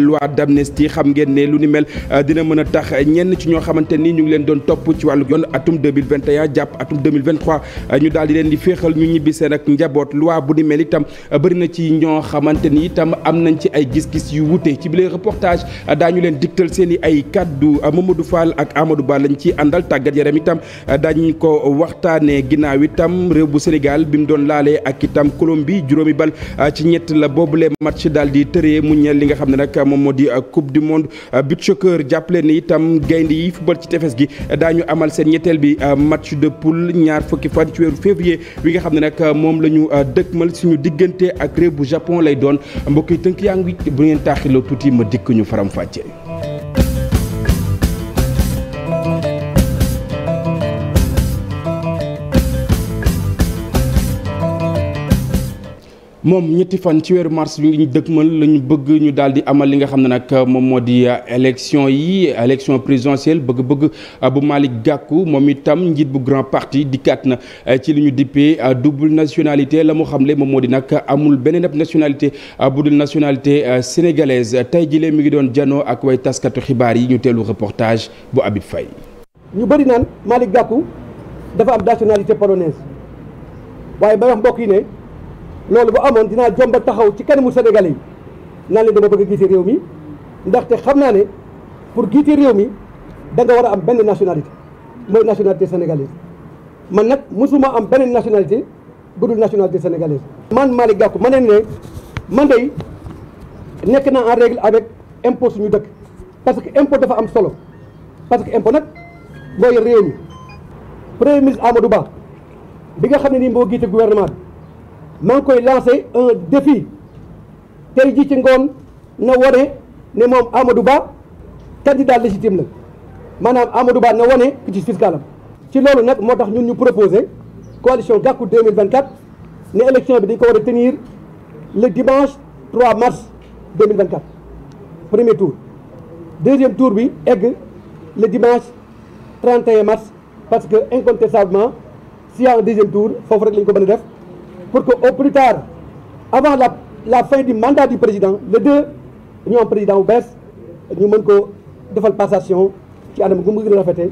loi d'amnistie xam ngeen ne lu ni mel euh, dina mën a tax ñenn ci ñoo xamante ni ñu ngi leen doon topp ci wàllu yoon atum 2021 jàpp atum 2023 euh, ñu daal di leen di féexal ñu ñibbi seen ak njaboot loi bu ni mel itam euh, bëri na ci ñoo xamante ni itam am nañ ci ay gis-gis yu wute ci bilee reportage daañu leen diktal seen i ay kàddu du Fall ak Amadou Ba lañ ci àndal tàggat yaram itam daañu ko waxtaanee ginnaaw itam réew bu Sénégal bi mu doon laale ak itam Colombie juróomi bal ci ñett la boobule match daal di tëree mu ñeel li nga xam ne nag moom moo di euh, coupe du monde euh, but choqueur jàppale ni itam gaynde yi football ci tefes gi daa ñu amal seen ñetteel bi euh, match de poule ñaar fukki fan ci weeru février wi nga xam ne nag moom la ñu dëkkmal suñu diggante ak réew bu Japon lay doon mbokk yi tënk yaa ngi bu ngeen taaxiloo tuuti ma dikkuñu ñu faram fàccee moom ñetti fan ci weeru mars bi ñu dëkkmal la ñu bëgg ñu daal di amal li nga xam ne nag moom moo di euh, élection yi élection présidentielle bëgg-bëgg euh, bu Malick Gakou moom itam njiit bu grand parti dikkaat na euh, ci lu ñu dippee double nationalité la mu xamle moom moo di nag amul beneen ab nationalité bu dul nationalité sénégalaise tey jii mi ngi doon janoo ak way taskatu xibaar yi ñu teelu reportage bu abi fay ñu bëri naan Malick Gakou dafa am nationalité loolu bu amoon dinaa jomba taxaw ci kanamu Sénégalais yi naan leen dama bëgg a réew mi ndaxte xam naa ne pour jiite réew mi danga nga war a am benn nationalité mooy nationalité sénégalaise man nag mosuma am benn nationalité bu dul nationalité sénégalaise. man Malick Gakou ma ne ne man day nekk naa en règle avec impôt suñu dëkk parce que impôt dafa am solo parce que impôt nag mooy réew mi premier ministre du baax bi nga xam ne nii moo jiite gouvernement bi. maa koy lancé un défi tey ji ci ngoon na wane ne moom Amadou Ba candidat légitime la maanaam Amadou Ba na wane ci fiscalam ci loolu nag moo tax ñun ñu proposé coalition Gakou 2024 ne élection bi dañ ko war a tenir le dimanche 3 mars 2024 premier tour deuxième tour bi egg le dimanche en mars parce que incontestablement s'il y a un deuxième tour foofu rek la ko mën a def pour que au plus tard avant la la fin du mandat du président le deux ñu am président bu bees ñu mën ko defal passation ci anam gu mu gën a rafetee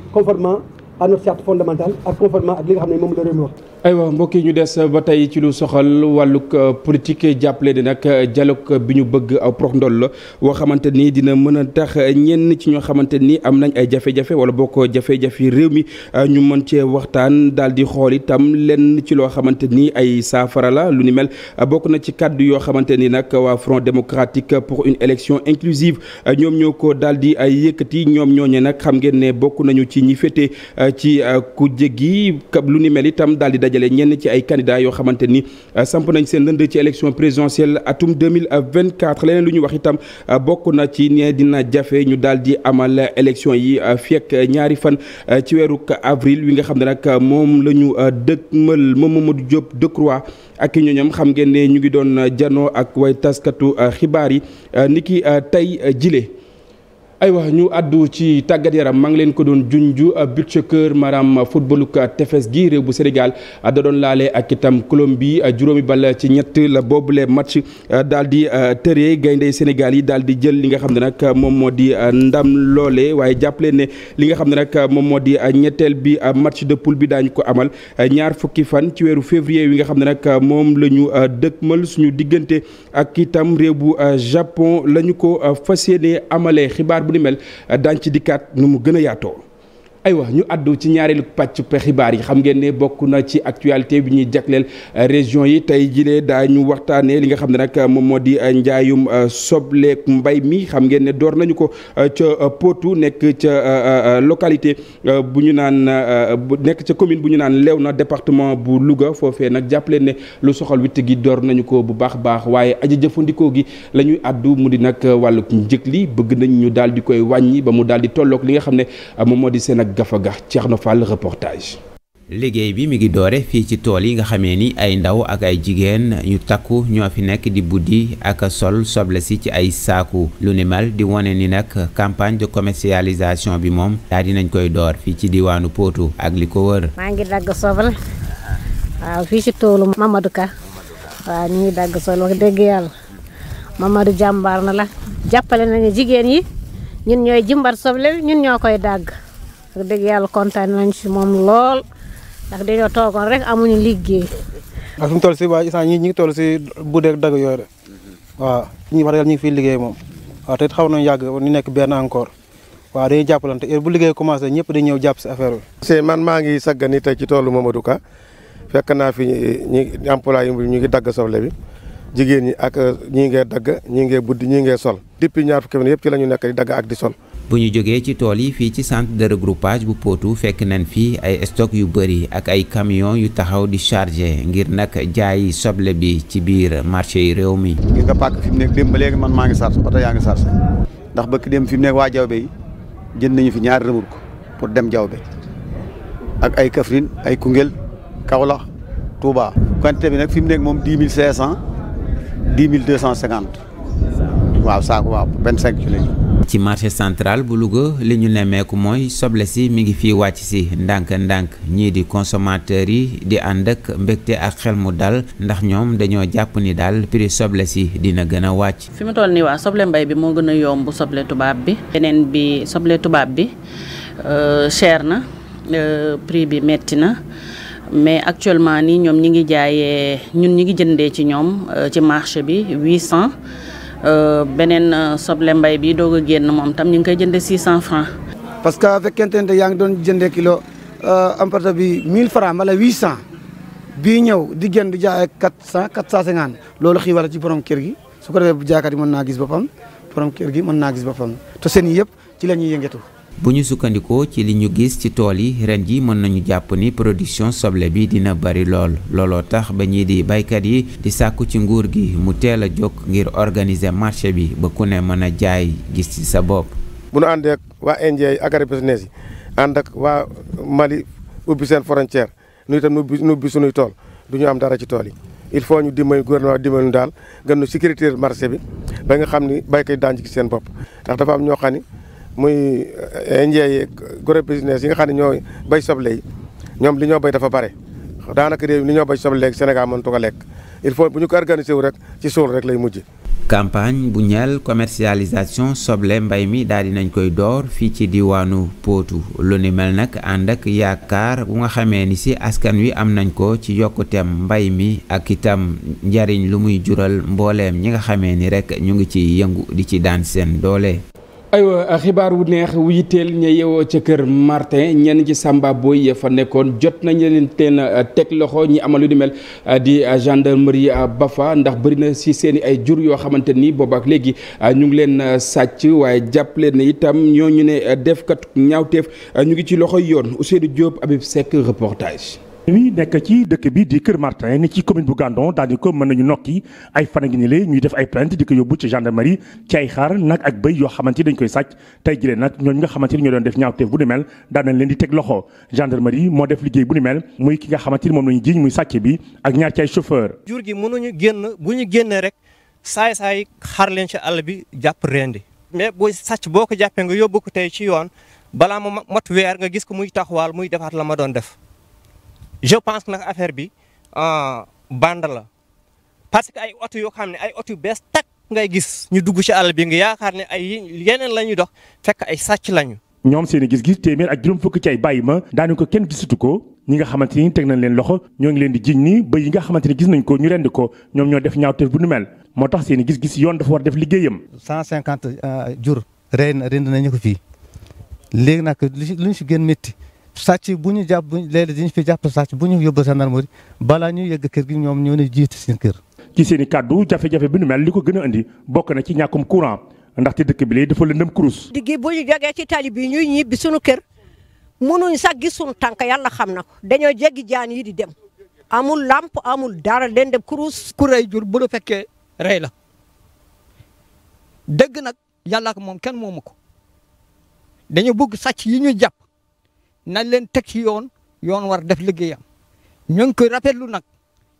à notre charte fondamentale ak conformément ak li nga xam ne moom la réew mi aywa mbokk ñu des ba tey ci lu soxal wàllug euh, politique jàppale di nag euh, dialogue bi ñu bëgg aw euh, prox ndoll la woo xamante ni dina mën a tax ñenn ci ñoo xamante ni am nañ ay jafe-jafe wala boo ko jafe-jafe réew mi ñu mën cee waxtaan daal di xool itam lenn ci loo xamante ni ay saafara la lu ni mel bokk na ci kàddu yoo xamante ni nag waa Front démocratique pour une élection inclusive ñoom ñoo ko daal di ay yëkkati ñoom ñooñe nag xam ngeen ne bokk nañu ci ñi féete ci ku jéggi lu ni mel daal di dajale ñenn ci ay candidats yoo xamante ni euh, samp nañ seen lënd ci élection présidentielle atum 2024 leneen lu ñu wax itam euh, bokk na ci ne dina jafe ñu daal di amal élection yi euh, fekk ñaari fan ci weeru avril wi nga xam ne nag moom la ñu dëkkmal moom Mamadou Diop Decroix ak i ñooñam xam ngeen ne ñu ngi doon janoo ak way taskatu xibaar yi niki tey jile ay wax ñu àddu ci tàggat yaram maa ngi leen ko doon junju uh, but choqueur maanaam uh, footballu uh, tefes gi réew bu Sénégal da doon laale ak itam Colombie juróomi bal ci ñett la leen match daal di tëree gaynde Sénégal yi daal di jël li nga xam ne nag moom moo di ndam loole waaye jàppale ne li nga xam ne nag moom moo di ñetteel bi match de poule bi daañu ko amal ñaar fukki fan ci weeru février yi nga xam ne nag moom la ñu dëkkmal suñu diggante ak itam réew bu Japon la ñu ko fas yéene amalee xibaar bu ni mel dikkaat nu mu gën a yaatoo. aywa ñu àddu ci ñaareelu pàcc xibaar yi xam ngeen ne bokk na ci actualité bi ñuy jagleel euh, région yi tey jilee daañu waxtaanee li nga xam ne nag euh, moom moo di euh, njaayum sobleek mbay mi xam ngeen ne door nañu ko ca Potou nekk ca localité bu ñu naan nekk ca commune bu ñu naan lew na département bu Louga foofee nag jàppaleen ne lu soxal witt gi door nañu ko bu baax baax waaye aji jëfandikoo gi la ñuy àddu mu di nag wàllu njëg li bëgg nañ ñu daal di koy wàññi ba mu daal di tolloog li nga xam ne moom moo di seen ak Gafaga Thierno Fall reportage. liggéey bi mi ngi doore fii ci tool yi nga xamee ni ay ndaw ak ay jigéen ñu takku ñoo fi nekk di buddi ak sol soble si ci ay saaku lu ni mel di wone ni nag campagne de commercialisation bi moom daal dinañ koy door fii ci diwaanu Potou ak li ko wër. maa ngi dagg soble waaw fii ci toolu Mamadou Ka waaw ñu dagg soble wax dëgg yàlla Mamadou jàmbaar na la jàppale nañu jigéen yi ñun ñooy jimbar soble ñun ñoo koy dagg. wax dëgg yàlla kontaan nañ si moom lool ndax dañoo toogoon rek amuñu liggéey. ak fi mu toll si waa isaan ñi ñu ngi toll si bu dee dagg yooyu de waaw ñu wax dëgg ñu ngi liggéey moom waaw te xaw nañu yàgg ñu nekk benn encore waaw dañuy jàppalante bu liggéey commencé ñëpp dañuy ñëw jàpp si affaire bi. c'est man maa ngi saggani tey ci toolu Mamadou Ka fekk naa fi ñi employé yi ñu ngi dagg soble bi. jigéen ñi ak ñii ngee dagg ñii ngee buddi ñii sol depuis ñaar fukki fan yëpp ci la ñu nekk di dagg ak di sol bu ñu jógee ci tool yi fii ci centre de regroupage bu Potou fekk nañ fii ay stock yu bëri ak ay camion yu taxaw di chargé ngir nag jaayi soble bi ci biir marché yi réew mi. ngir nga pàkk fi nekk démb léegi man maa ngi chargé oto yaa ngi chargé ndax bëkk dem fi mu nekk waa jawbe yi jënd nañu fi ñaari ko pour dem jawbe ak ay Kaffrine ay Koungheul Kaolack Touba. quantité bi nag fi mu nekk moom dix mille cinq cent dix mille deux cent cinquante waaw saako waaw vingt ci marché central bu Louga li ñu nemmeeku mooy soble si mi ngi fii wàcc si ndànk-ndànk ñii di consommateurs yi di ànd ak mbegte ak xel mu dal ndax ñoom dañoo jàpp ni daal prix soble si dina gën a wàcc. fi ma toll nii waa soble mbay bi moo gën a yomb soble tubaab bi. beneen bi soble tubaab bi euh, cher na euh, prix bi metti na. mais actuellement nii ñoom ñi ngi jaayee ñun ñi ngi jëndee ci ñoom euh, ci marché bi 800. Euh, beneen euh, soble mbay bi doog a génn moom tam ñu ngi koy jëndee 600 francs parce que fekkente ne yaa ngi doon jëndee kilo amparta euh, bi 1000 francs wala 800 bii ñëw di génn di jaay ak 400 450 loolu xiiwal ci borom kër gi su ko defee bu jaaykat yi naa gis boppam borom kër gi mën naa gis boppam te seen yëpp ci la ñuy yëngatu. bu ñu sukkandiku ci li ñu gis ci tool yi ren ji mën nañu jàpp ni production soble bi dina bari lool looloo tax ba ñii di baykat yi di sàkku ci nguur gi mu teel a jóg ngir organiser marché bi ba ku ne mën a jaay gis ci sa bopp. bu nu àndee ak waa Indien yi agribusiness yi ànd ak waa Mali ubbi seen frontière nu itam nu ubbi nu ubbi suñuy tool du ñu am dara ci tool yi il faut ñu dimbali gouvernement dimbali ñu daal gën ñu sécurité marché bi ba nga xam ni baykat daan ci seen bopp am ñoo ni muy eh, njeey gros business yi nga xam ne ñoo bay soble yi ñoom li ñoo béy dafa bare daanaka réew li ñoo béy soble léegi Sénégal mëntu ko lekk il faut bu ñu ko organiser wu rek ci suul rek lay mujj. campagne bu ñeel commercialisation soble mbay mi daal di nañ koy door fii ci diwaanu Potou lu ni mel nag ànd ak yaakaar bu nga xamee ni si askan wi am nañ ko ci yokkuteem mbay mi ak itam njariñ lu muy jural mbooleem ñi nga xamee ni rek ñu ngi ci yëngu di ci daan seen doole. aywa xibaar wu neex wu yitteel ña yeewoo ca kër Martin ñenn ci Samba Boy ya fa nekkoon jot nañ leen teen uh, teg loxo ñi amal lu uh, di mel uh, di gendarmerie Bafa ndax bëri na si seen ay jur yoo xamante ni booba ak léegi ñu ngi leen sàcc waaye jàpp leen ne itam ñooñu ne defkat ñaawteef ñu ngi ci loxoy yoon u seeni Diop Habib Seck reportage. mi nekk ci dëkk bi di Kër Martin ne ci commune bu Gandon daal di ko mën nañu nokki ay fan ak ñile ñuy def ay plainte di ko yóbbu ci gendarmerie ci ay xaar nag ak bëy yoo xamante ni koy sàcc tey jëlee nag ñooñu nga xamante ñoo doon def ñaawteef bu leen di teg loxo gendarmerie moo def liggéey bu ni mel muy ki nga xamante ni moom lañu jiiñ muy sàcc bi ak ñaar ci ay chauffeur jur gi mënuñu génn bu ñu génnee rek saay saay xaar leen ci àll bi jàpp rendi mais booy sàcc boo ko jàppee nga yóbbu ko tey ci yoon balaa ma mat weer nga gis ko muy taxawaal muy defaat la ma doon def je pense nag affaire bi ah, bande la parce que ay oto yoo xam ne ay oto yu bees tak ngay gis ñu dugg ci àll bi nga yaakaar ne ay yeneen la ñuy dox fekk ay sàcc lañu. ñoom seen i gis-gis téeméer ak juróom fukk ci ay bàyyi ma daanu ko kenn gisatu ko ñi nga xamante ni teg nañ leen loxo ñoo ngi leen di jiñ ni ba yi nga xamante ni gis nañ ko ñu rend ko ñoom ñoo def ñaawteef bu nu mel moo tax seen gis-gis yoon dafa war def liggéeyam. 150 euh, jur rey na rend nañu ko fii léegi nag lu ci lu ñu sàcc bu ñu jàpp léeg-léeg dañu fi jàpp sàcc bu ñu yóbbu gendarmerie balaa ñuy yegg kër gi ñoom ñoo ne jiite seen kër. ci seen i kàddu jafe-jafe bi nu mel li ko gën a indi na ci ñàkkum courant ndaxte dëkk bi lay dafa lëndëm kurus. diggi bu ñu jógee ci tali bi ñuy ñibbi suñu kër munuñ sax gis suñu tànk yàlla xam na ko dañoo jeggi jaan yi di dem amul lamp amul dara leen dem kurus. ku jur bu la fekkee la dëgg nag yàlla ko moom kenn moomu ko dañoo bëgg sàcc yi ñuy jàpp. nañ leen teg ci yoon yoon war def liggéeyam ñu ngi koy rafetlu nag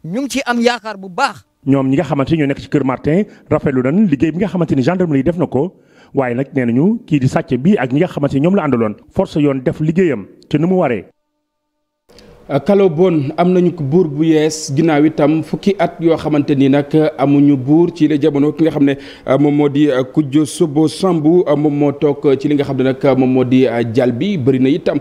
ñu ngi ci am yaakaar bu baax. ñoom ñi nga xamante ni ñoo nekk ci Kër Martin rafetlu nañ liggéey bi nga xamante ni gendarmerie def na ko waaye nag nee nañu kii di sàcc bi ak ñi nga xamante ñoom la àndaloon force yoon def liggéeyam te nu mu waree. kalo bon am nañu ko buur bu yees ginnaaw itam fukki at yoo xamante ni nag amuñu buur ci la jamono ki nga xam ne euh, moom moo di euh, Kujjo Sobo Sambu euh, moom moo toog ci li nga xam ne nag moom moo di jal bi bëri na itam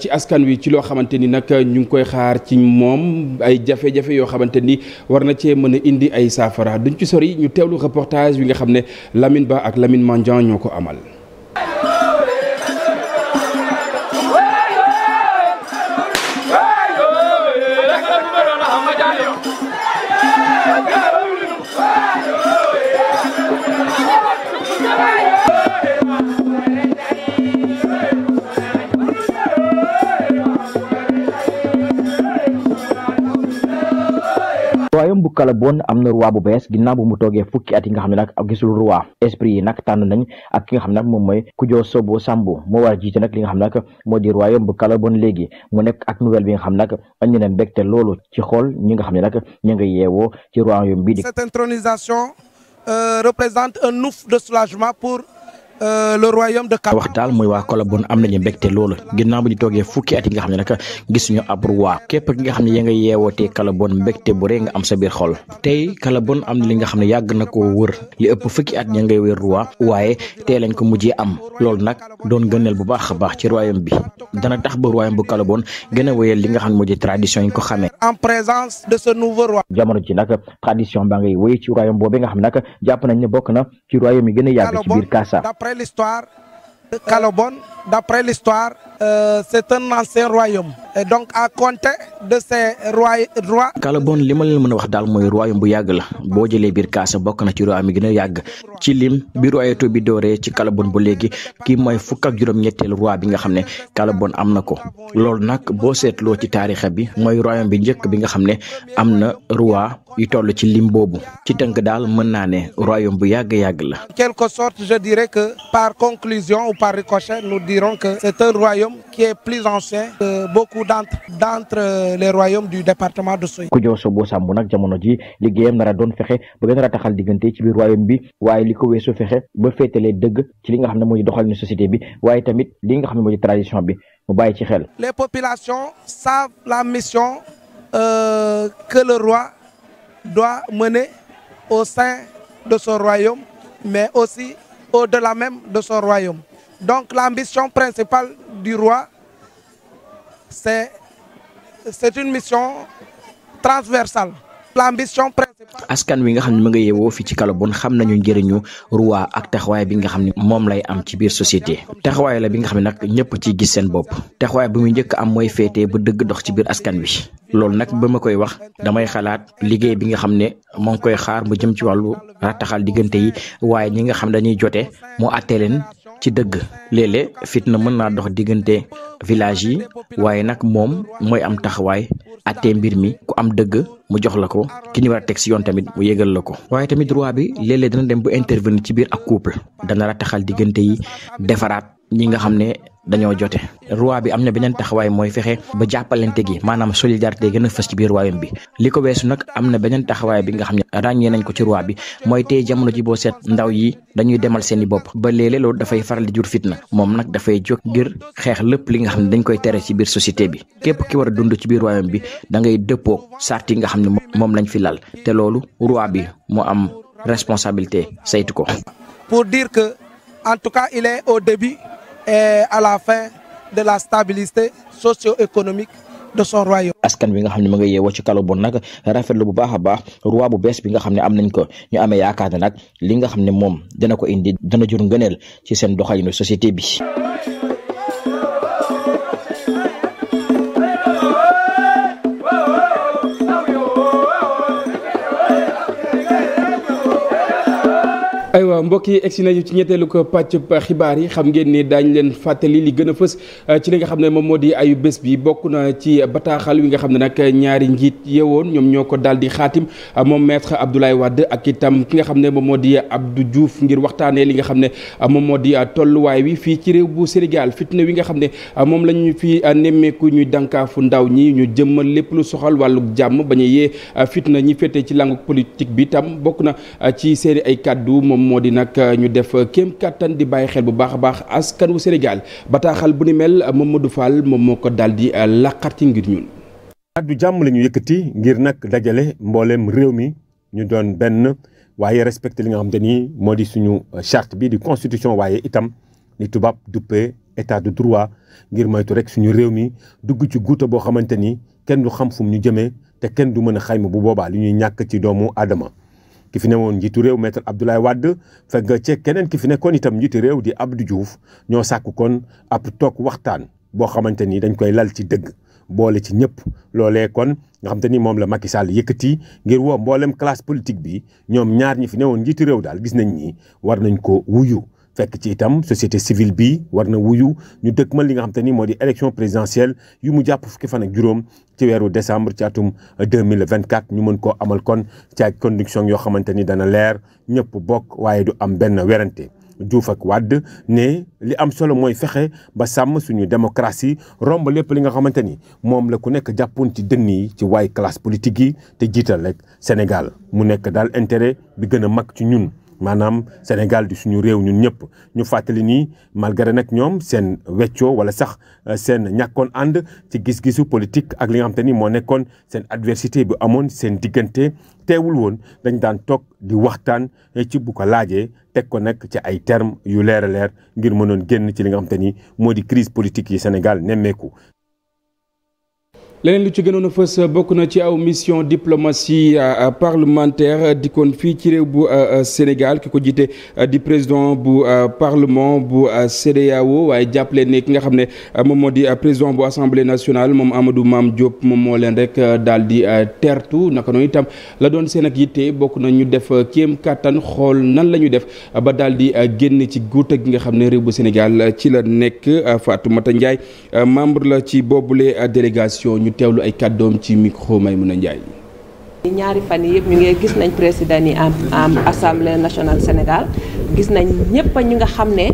ci askan wi ci loo xamante ni nag ñu ngi koy xaar ci moom ay jafe-jafe yoo xamante ni war na cee mën a indi ay saafara duñ ci sori ñu teewlu reportage yi nga xam ne Lamine Ba ak Lamine Mandian ñoo ko amal. Kalabone am na roi bu bees ginnaaw bu mu toogee fukki at yi xam ne nag gisul roi esprit yi nag tànn nañ ak ki xam ne nag moom Kujoo Sobo Sambu moo war a jiite nag li nga xam ne nag mu nekk ak nouvelle bi xam ne nag andi na ci xool ñi cette intronisation euh, représente un ouf de soulagement pour Euh, le royaume de Kaolack. wax daal mooy waa Colobane am nañu mbégte loolu ginnaaw bu ñu toogee fukki at nga xam ne nag gisuñu ab roi képp ki nga xam ne yaa nga yeewootee Colobane mbégte bu rëy nga am sa xol tey Colobane am na li nga xam ne yàgg na koo wër li ëpp fukki at ya ngay wër roi waaye tey lañ ko mujjee am loolu nag doon gëneel bu baax a baax ci royaume bi dana tax ba royaume bu Colobane gën a wéyal li nga xam ne moo tradition yi ko xamee. en présence de ce nouveau roi. jamono ji nag tradition baa ngay wéy ci royaume boobu nga xam jàpp nañ ne bokk na ci royaume yi gën a d'après l'histoire, Calobon, d'après l'histoire, Euh, c'est un ancien royaume. et donc à compter de ces rois. Kalabone li ma leen mën a wax daal mooy royaume bu yàgg la boo jëlee biir kaasa bokk na ci royaume yi gën a yàgg ci lim bi royauté bi dooree ci Kalabone ba léegi kii mooy fukk ak juróom ñetteel roi bi nga xam ne Kalabone am na ko loolu nag boo seetloo ci taarixa bi mooy royaume bi njëkk bi nga xam ne am na roi yu toll ci lim boobu ci tënk daal mën naa ne royaume bu yàgg yàgg la. quelque sorte je dirais que par conclusion ou par ricochet nous dirons royaume qui est plus ancien que beaucoup d'entre d'entre euh, les royaumes de Soy. Kujawso boo sàmm jamono ji liggéeyam nar a doon fexe ba gën taxal diggante ci biir royaume bi waaye li ko weesu fexe ba féetalee dëgg ci li nga xam ne mooy doxalinu société bi waaye tamit li nga xam ne mooy tradition bi mu bàyyi ci xel. Les populations savent la mission euh, que le roi doit mener au sein de son royaume mais aussi au-delà même de son royaume. Donc l'ambition principale du roi, c'est une mission transversale. l'ambition principale. askan wi nga xam ne mu nga yeewoo fii ci Kalabone xam nañu njëriñu roi ak taxawaay bi nga xam ne moom lay am ci biir société taxawaay la bi nga xam ne nag ñëpp ci gis seen bopp taxawaay bi muy njëkk am mooy féete ba dëgg dox ci biir askan wi loolu nag ba ma koy wax damay xalaat liggéey bi nga xam ne moo ngi koy xaar mu jëm ci wàllu rattaxal diggante yi waaye ñi nga xam dañuy jote mu àtte leen ci dëgg léeg-léeg fitna mën naa dox diggante village yi waaye nag moom mooy am taxawaay àttee mbir mi ku am dëgg mu jox la ko ki ñu war a teg si yoon tamit mu yégal la ko. waaye tamit roi bi léeg-léeg dana dem ba intervenir ci biir ak couple dana la taxal diggante yi defaraat ñi nga xam ne dañoo jote roi bi am na beneen taxawaay mooy fexe ba jàppalante gi maanaam solidarité gën a fës ci biir royaume bi li ko weesu nag am na beneen taxawaay bi nga xam ne ràññee nañ ko ci roi bi mooy tey jamono ji boo seet ndaw yi dañuy demal seeni bopp ba léeg-léeg loolu dafay faral di jur fitna moom nag dafay jog ngir xeex lépp li nga xam ne dañ koy tere ci biir société bi képp ki war a dund ci biir royaume bi dangay ngay dëppoog yi nga xam ne moom lañ fi lal te loolu roi bi moo am responsabilité saytu ko. et euh, à la fin de la stabilité socio-économique de son royaume. askan bi nga xam ne ma nga yeewoo ci kàlla bon nag rafetlu bu baax a baax bu bees bi nga xam ne am nañ ko ñu amee yaakaar ne nag li nga xam ne moom dana ko indi dana jur ngëneel ci seen doxalinu société bi. aywa mbokk yi egsi nañu ci ñetteelu ko pàcc xibaar yi xam ngeen ni daañu leen fàttali li gën a fës eh, ci li nga xam ne moom moo di ayu bés bi bokk na ci bataaxal wi nga xam ne nag ñaari njiit yeewoon ñoom ñoo ko daal di xaatim eh, moom maître Abdoulaye Wade ak itam ki nga xam ne moom moo di du juuf ngir waxtaanee li nga xam ne eh, moom moo di tolluwaay wi fii ci réew bu Sénégal fitna wi nga xam ne moom la ñu fi nemmeeku ñuy dànkaafu ndaw ñi ñu jëmmal lépp lu soxal wàllug jàmm bañ a yee fitna ñi féete ci langu politique bi tam bokk na ci seen ay kàddu moo di nag euh, ñu def kéem kattan di bàyyi xel bu baax a baax askan wu Sénégal bataaxal bu ni mel moom Mamadou Fall moom moo ko daal di euh, laqarti ngir ñun. addu jàmm la ñu yëkkati ngir nag dajale mbooleem réew mi ñu doon benn waaye respecté li nga xam te ni moo di suñu euh, charte bi di constitution waaye itam ni tubaab duppee état du droit ngir moytu rek suñu réew mi dugg ci guuta boo xamante ni kenn du xam fu ñu jëmee te kenn du mën a xayma bu boobaa li ñuy ñàkk ci doomu aadama. ki fi newoon njiitu réew maître Abdoulaye Wade fekk ci keneen ki fi nekkoon itam njiitu réew di Abdou juuf ñoo sàkk kon ab toog waxtaan boo xamante ni dañ koy lal ci dëgg boole ci ñëpp loolee kon nga xam ni moom la Macky Sall yëkkati ngir woo mboolem classe politique bi ñoom ñaar ñi fi newoon njiitu réew daal gis nañ ni war nañ ko wuyu fekk ci itam société civile bi war na wuyu ñu dëkkmal li nga xam ni moo di élection présidentielle yu mu jàpp fukki fan ak juróom ci weeru décembre ci atum 2024 ñu mën koo amal kon ci ak conditions yoo xamante ni dana leer ñëpp bokk waaye du am benn werante Diouf ak Wade ne li am solo mooy fexe ba sàmm suñu démocratie romb lépp li nga xamante ni moom la ku nekk jàppoon ci dënn yi ci waay classe politique yi te jiital rek Sénégal mu nekk daal intérêt bi gën a mag ci ñun maanaam Sénégal di suñu réew ñun ñëpp ñu fàttali nii malgré nag ñoom seen weccoo wala sax euh, seen ñàkkoon ànd ci gis-gisu politique ak li nga xam ni moo nekkoon seen adversité bi amoon seen diggante teewul woon dañ daan toog di waxtaan euh, ci bu ko laajee teg ko nag ci ay termes yu leer a leer ngir mënoon génn ci li nga xam ni moo di crise politique yi Sénégal nemmeeku leneen lu ci gënoon a fës euh, bokk na ci aw mission diplomatie euh, euh, parlementaire dikkoon fii ci réew bu Sénégal ki ko jiite di président bu parlement bu CEDEAO waaye jàppale ne ki nga xam ne moom moo di président bu assemblée nationale moom amadu maam Diop moom moo leen rek daldi di tertu naka noonu itam la doon seen ak yitte bokk na ñu def kéem kàttan xool nan la ñu def ba daal di génn ci guuta gi nga xam ne réew bu Sénégal ci la nekk Fatoumata Ndiaye membre la ci boobule ngi teewlu ay doom ci micro Maïmouna Ndiaye. ñaari fan yii yëpp ñu ngi gis nañ président yi am am assemblée nationale Sénégal gis nañ ñëpp ñu nga xam ne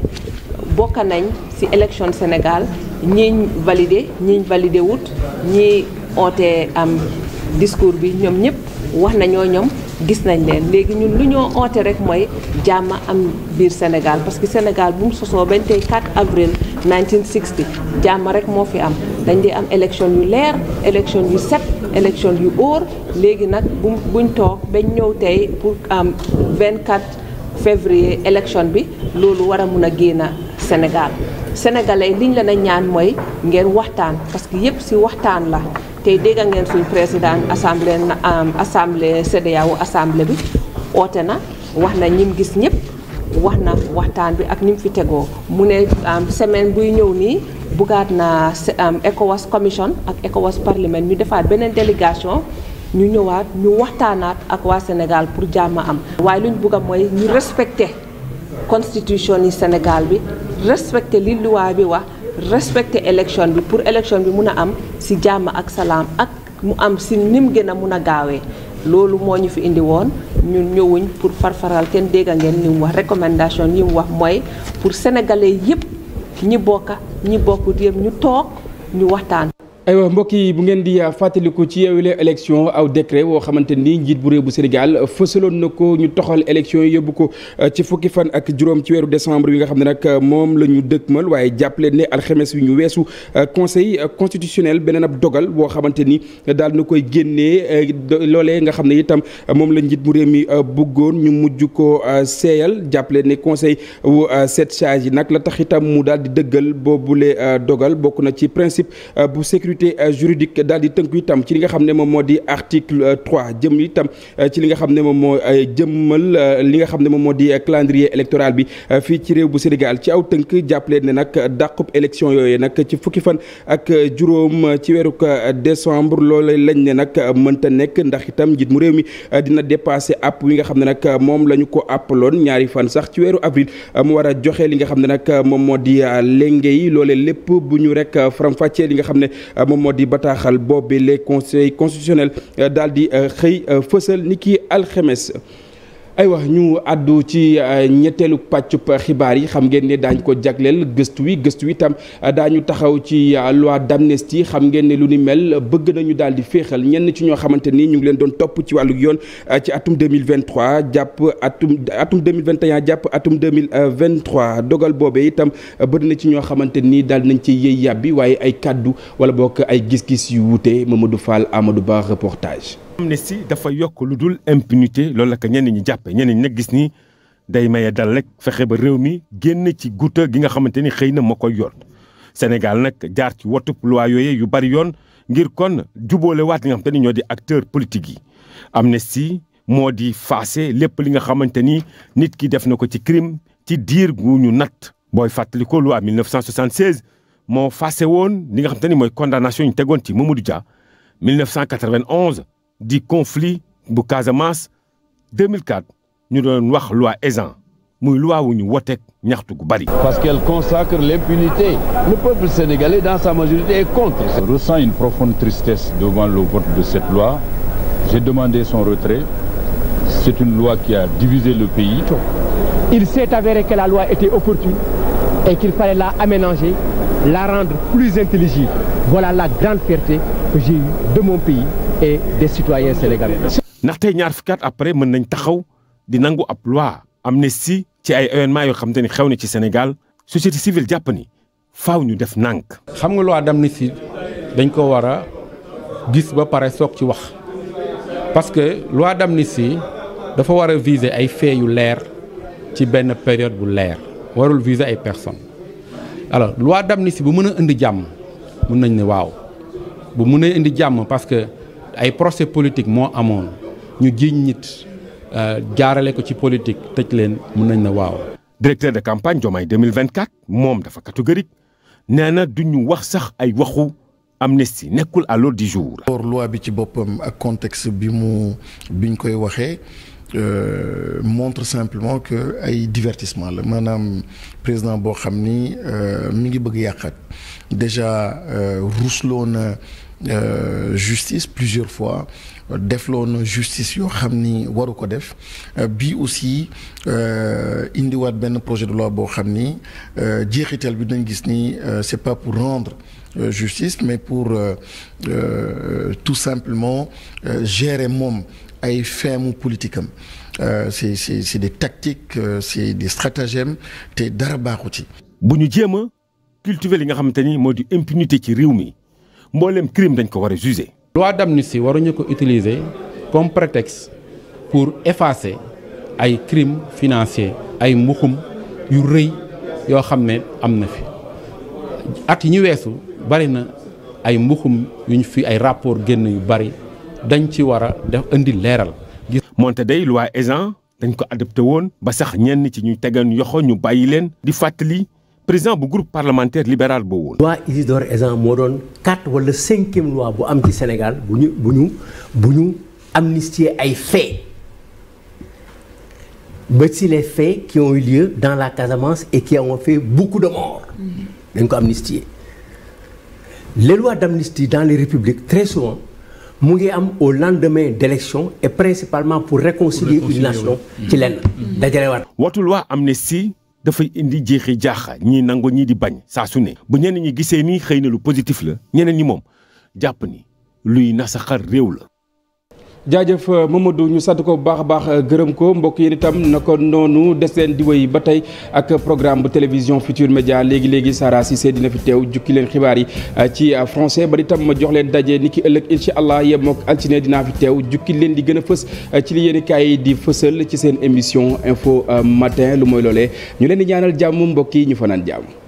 bokk nañ ci élection Sénégal ñiiñ validé ñiñ validé wut ñi oote am discours bi ñoom ñëpp. wax nañoo ñoom gis nañ leen léegi ñun lu ñoo oote rek mooy jàmm am biir Sénégal parce que Sénégal bu mu sosoo bañ tey 4 avril 1960 jàmm rek moo fi am dañ di am élection yu leer élection yu set élection yu óor léegi nag bu buñ toog bañ ñëw tey pour am 24 février élection bi loolu war a mun a génn Sénégal sénégalais liñ la a ñaan mooy ngeen waxtaan parce que yépp si waxtaan la tey dégg ngeen suñu président assemblée assemblée CEDEAO assemblée bi oote na wax na ñim gis ñëpp wax na waxtaan bi ak ñim fi tegoo mu ne semaine buy ñëw nii buggaat na ECOWAS commission ak ECOWAS parlement ñu defaat beneen délégation ñu ñëwaat ñu waxtaanaat ak waa Sénégal pour jàmm am waaye lu ñu bugg mooy ñu respecté constitution yi Sénégal bi respecté li loi bi wax respecter élection bi pour élection bi mun a am si jàmm ak salaam ak mu am si nim gën a mun a gaawee loolu moo ñu fi indi woon ñun ñëwuñ pour farfaral kenn dégg ngeen li wax recommandation yi mu wax mooy pour sénégalais yëpp ñi bokka ñi bokkut yëpp ñu toog ñu waxtaan aywa mbokk yi bu ngeen di euh, fàttaliku ci yeewule élection aw décret woo xamante ni njiit bu réew bu Sénégal euh, fësaloon na ko ñu toxal élection yi ko euh, ci fukki fan ak juróom ci weeru décembre yi nga xam ne nag moom la ñu dëkkmal waaye jàppale ne alxemes wi ñu weesu conseil constitutionnel beneen ab dogal boo xamante ni daal koy génnee loolee nga xam ne itam moom la njiit bu réew mi bëggoon ñu mujj ko seeyal jàppale ne conseil wu sept charge yi nag la tax itam mu daal di dëggal boobule dogal bokk na ci principe bu sécurité sécurité euh, juridique daal di tënku itam ci li nga xam ne moom moo di article euh, trois jëm itam euh, ci li nga xam ne moom moo ay jëmmal li nga xam ne moom moo di calendrier électoral bi fii ci réew bu Sénégal ci aw tënk jàppale ne nag dàqub élection yooyu nag ci fukki fan ak juróom ci weeru décembre loole lañ ne nag mënta nekk ndax itam njiit mu réew mi dina dépasé app wi nga xam ne nag moom la ñu ko àppaloon ñaari fan sax ci weeru avril mu war a joxe li nga xam ne nag moom moo di lénge yi loolee bu ñu rek faram li nga xam ne moom moo di bataaxal boobu les conseil constitutionnels euh, daal di euh, xëy euh, fësal ni kii alxemes aywa ñu àddu ci euh, ñetteelu pàccub xibaar yi xam ngeen ne daañ ko jagleel gëstu wi gëstu wi tam euh, daañu taxaw ci euh, loi d'amnistie xam ngeen ne lu ni mel bëgg nañu daal di féexal ñenn ci ñoo xamante nii ñu ngi leen doon topp ci wàllu yoon ci atum 2023 jàpp atum atum 2021 jàpp atum 2023 dogal boobe itam bëri na ci ñoo xamante nii daal nañ ci yëy yàbbi waaye ay kàddu wala bokk ay gis-gis yu wuute Mamadou Fall Amadou Ba reportage amnistie dafa yokk lu dul impunité loolu la ko ñenn ñi jàppe ñenn ñi nag gis ni day maye dal rek fexe ba réew mi génn ci guuta gi nga xamante ni xëy na moo koy yor Sénégal nag jaar ci wotu loi yooyu yu bari yoon ngir kon juboole waat li nga xamante ni ñoo di acteur politique yi amnistie moo di faase lépp li nga xamante ni nit ki def na ko ci crime ci diir gu ñu natt booy fàttali ko loi 1976 moo faase woon li nga xamante ni mooy condamnation ñu tegoon ci Mamadou Dia 1991 di conflit bu Casamance 2004 ñu doon wax loi Ezzan muy loi wu ñu woteeg ñaxtu gu bari. parce qu'elle consacre l'impunité le peuple sénégalais dans sa majorité est contre. je ressens une profonde tristesse devant le vote de cette loi j'ai demandé son retrait c'est une loi qui a divisé le pays. il s'est avéré que la loi était opportune et qu'il fallait la aménager la rendre plus intelligible voilà la grande fierté que j'ai ndaxte ñaar fukki après mën nañ taxaw di nangu ab loi si ci ay événements yoo xam te ni xew na ci Sénégal société civile jàpp ni faaw ñu def nànk. xam nga dam loi si dañ ko war a gis ba pare soog ci wax parce que ni si dafa war a viser ay faits yu leer ci benn période bu leer warul viser ay personnes alors loi si bu mën a indi jàmm mën nañ ne waaw. bu mënee indi jàmm parce que ay procès politique moo amoon ñu jiiñ nit euh, jaarale ko ci politique tëj leen mun nañ na waaw. directeur de campagne Diomaye 2024 moom dafa catégorique nee na du ñu wax sax ay waxu amnistie nekkul à l'ordre du jour. or loi bi ci boppam ak contexte bi mu biñ koy waxee. Euh, montre simplement que ay divertissement la maanaam président boo xam ni euh, mi ngi bëgg yàqat déjà euh, rusloo Euh, justice plusieurs fois defloo na justice yoo xam ni waru ko def euh, bii aussi euh, indiwaat benn projet de loi boo xam ni jeexital bi dañ gis ni c'est pas pour rendre justice mais pour tout simplement gérer moom ay feemu politique am c'est c'est c'est des tactiques c'est des stratagèmes te dara baaxu ci. bu ñu jéem a cultiver li nga xamante ni moo di impunité ci réew mi. mbooleem crime dañ ko war a juger. loi si waruñu ko utiliser comme prétexte pour effacer ay crimes financiers ay mbuxum yu rëy yoo xam ne am na fi at yi ñu weesu bari na ay mbuxum yu ñu fi ay rapport génn yu bari dañ ci war a def indi leeral. moonte day loi Ezzan dañ ko adopté woon ba sax ñenn ci ñu tegan yoxo ñu bàyyi leen di fàttali. président bu groupe parlementaire libéral boo woon. loi Isidore Ezzan moo doon quatre wala cinquième loi bu am ci Sénégal bu ñu bu ñu bu ñu amnistier ay faits ba ci les faits qui ont eu lieu dans la Casamance et qui ont fait beaucoup de morts. dañ ko amnistier. les lois d'amnistie dans les république très souvent mu ngi am au lendemain d'élections et principalement pour réconcilier, pour réconcilier une nation ci lenn dajalewaat. watu loi dafay indi jeexi jaaxa ñii nangu ñii di bañ saasu su ne bu ñenn ñi gisee nii xëy na lu positif la ñeneen ñi moom jàpp ni luy nasaxar réew la jaajëf euh, Mamadou ñu sant ko bu baax baax euh, gërëm ko mbokk yi itam na ko noonu des leen di wéy ba tey ak programme bu télévision Futur Média léegi léegi Sara Cissé dina fi teew jukki leen xibaar yi euh, ci français ba itam ma jox leen daje ni ki ëllëg incha allah yem ak altine dinaa fi teew jukki leen di gën a fës ci li yéen kaay di fësal ci seen émission info matin lu mooy loole ñu leen di ñaanal jàmm mbokk yi ñu fanaan jàmm.